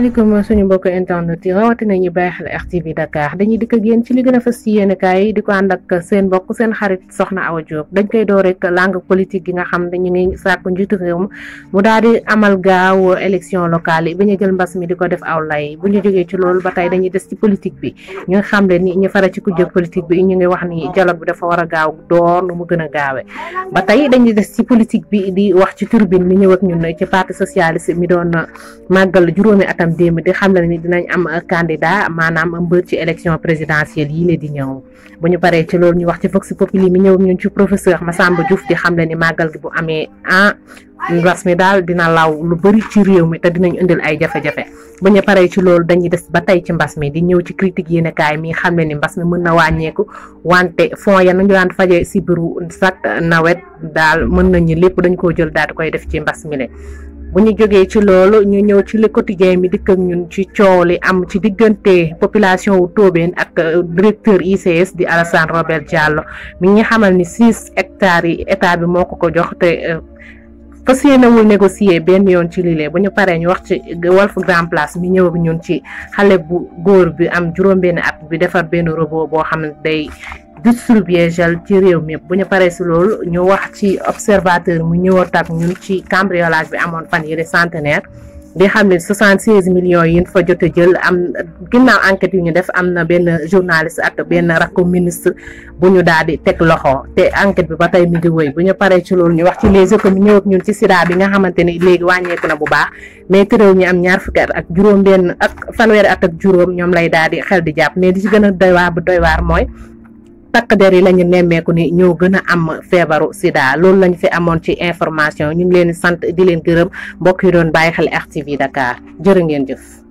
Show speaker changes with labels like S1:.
S1: asalaamaaleykum suñu mbokk internet yi rawatina ñu bàyyi xel RTV Dakar dañuy dikk ak yéen ci li gën a fës ci yéenekaay yi di ko ànd ak seen mbokk seen xarit Soxna Awa Diop dañ koy door rek langue politique gi nga xam ne ñu ngi sàkku njiitu réew mu daal yi bi ñu jël mbas mi di ko def aw lay ñu jógee ci loolu ba tey dañuy des ci politique bi ñu ngi xam le ni ñu fara ci kujje politique bi ñu ngi wax ni dialogue bi dafa war a gaaw door lu mu gën a gaawee ba tey dañuy des ci politique bi di wax ci turbine mi ñëw ak ñun ci parti socialiste mi doon démb di xam la ni dinañ am candidat maanaam mbër ci élection présidentielle yi di ñëw bu ñu paree ci loolu ñu wax ci vox populi mi ñëw ñun ci professeur Massamba juuf di xam la ni màggal gi bu amee ah mbas mi daal dina law lu bëri ci réew mi te dinañ indil ay jafe-jafe bu ñu paree ci loolu dañuy des ba tey ci mbas mi di ñëw ci critique yéen kaay mi xam ne ni mbas mi mën na wàññeeku wante fonds ya ñu daan fajee si biiru sat nawet daal mën nañu lépp dañ koo jël daal di koy def ci mbas mi le bu ñu jógee ci loolu ñu ñëw ci le quotidien mi dikk ak ñun ci coow li am ci diggante population wu Tobène ak euh, directeur ICS di Alassane Robert Diallo mi ngi xamal ni six hectares yi état bi moo ko ko jox te euh, fas yéenewul négocier benn yoon ci lile bu ñu paree ñu wax ci Walf Grand Place mi ñëw ak ñun ci xale bu góor bi am juróom-benn at bi defar benn robot boo xam ne day. distribuer gel ci réew mi bu ñu paree si loolu ñu wax ci observateur mu ñëwaat ak ñun ci cambriolage bi amoon fan yi centenaire di xam ne soixante seize millions yi fa jot a jël am ginnaaw enquête yu ñu def am na benn journaliste ak benn rakku ministre bu ñu daal di teg loxo te enquête bi ba tey mi ngi wëy bu ñu paree ci loolu ñu wax ci les écoles ñëw ak ñun ci sida bi nga xamante ni léegi wàññeeku na bu baax mais tëréew ñi am ñaar fukki at ak juróom benn ak fanweeri at ak juróom ñoom lay daal di xel di jàpp mais li ci gën a doy waar bu doy mooy takk der yi la ñu nemmeeku ni ñoo gën a am feebaru sida loolu lañu fi amoon ci information ñu ngi leen di sant di leen gërëm mbokk yi doon bàyyi xel RTV Dakar jërë ngeen jëf